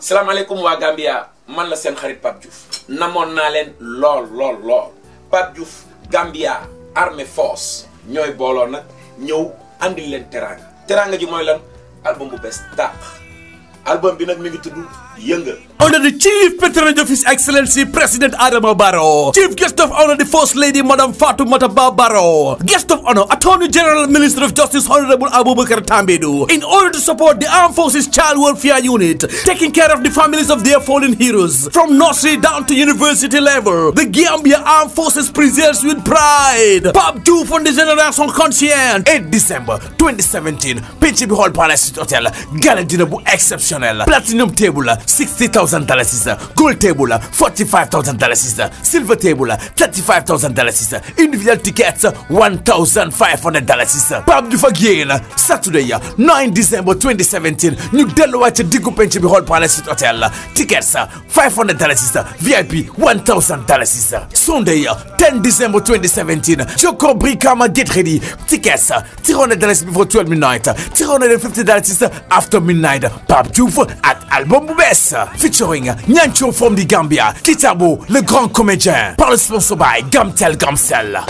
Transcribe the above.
salaamaaleykum waa Gambia man la seen xarit Pape Diouf namoon naa leen lool lool lool Pape Diouf Gambia armée force ñooy booloo nag ñëw andil leen teraanga teraanga ji mooy lan album bu tàq album bi mi ngi Under the Chief Patronage of His Excellency President Adama Barro, Chief Guest of Honor the First Lady Madam Fatoumata Bah Guest of Honor Attorney General Minister of Justice Honorable Abubakar Tambadou. In order to support the Armed Forces Child Welfare Unit, taking care of the families of their fallen heroes from nursery down to university level, the Gambia Armed Forces preserves with pride. Pop two from the Generation Conscience, 8 December 2017, Pichibi Hall Palace Hotel, Galadina bu exception. platinum table 60000 dollars gold table 45000 dollars silver table 35000 dollars individual tickets 1500 dalasis Pape Diouf Saturday 9 December 2017 New delhi, ci diggu en bi Palace Hotel tickets 500 dollars VIP 1000 dalasis Sunday 10 December 2017 Joko Brikama get ready tickets 300 before 12 midnight 350 dollars after midnight Pape At album Boubès. featuring Nyancho from the Gambia Kitabo le grand comédien par le sponsor by Gamtel Gamcel.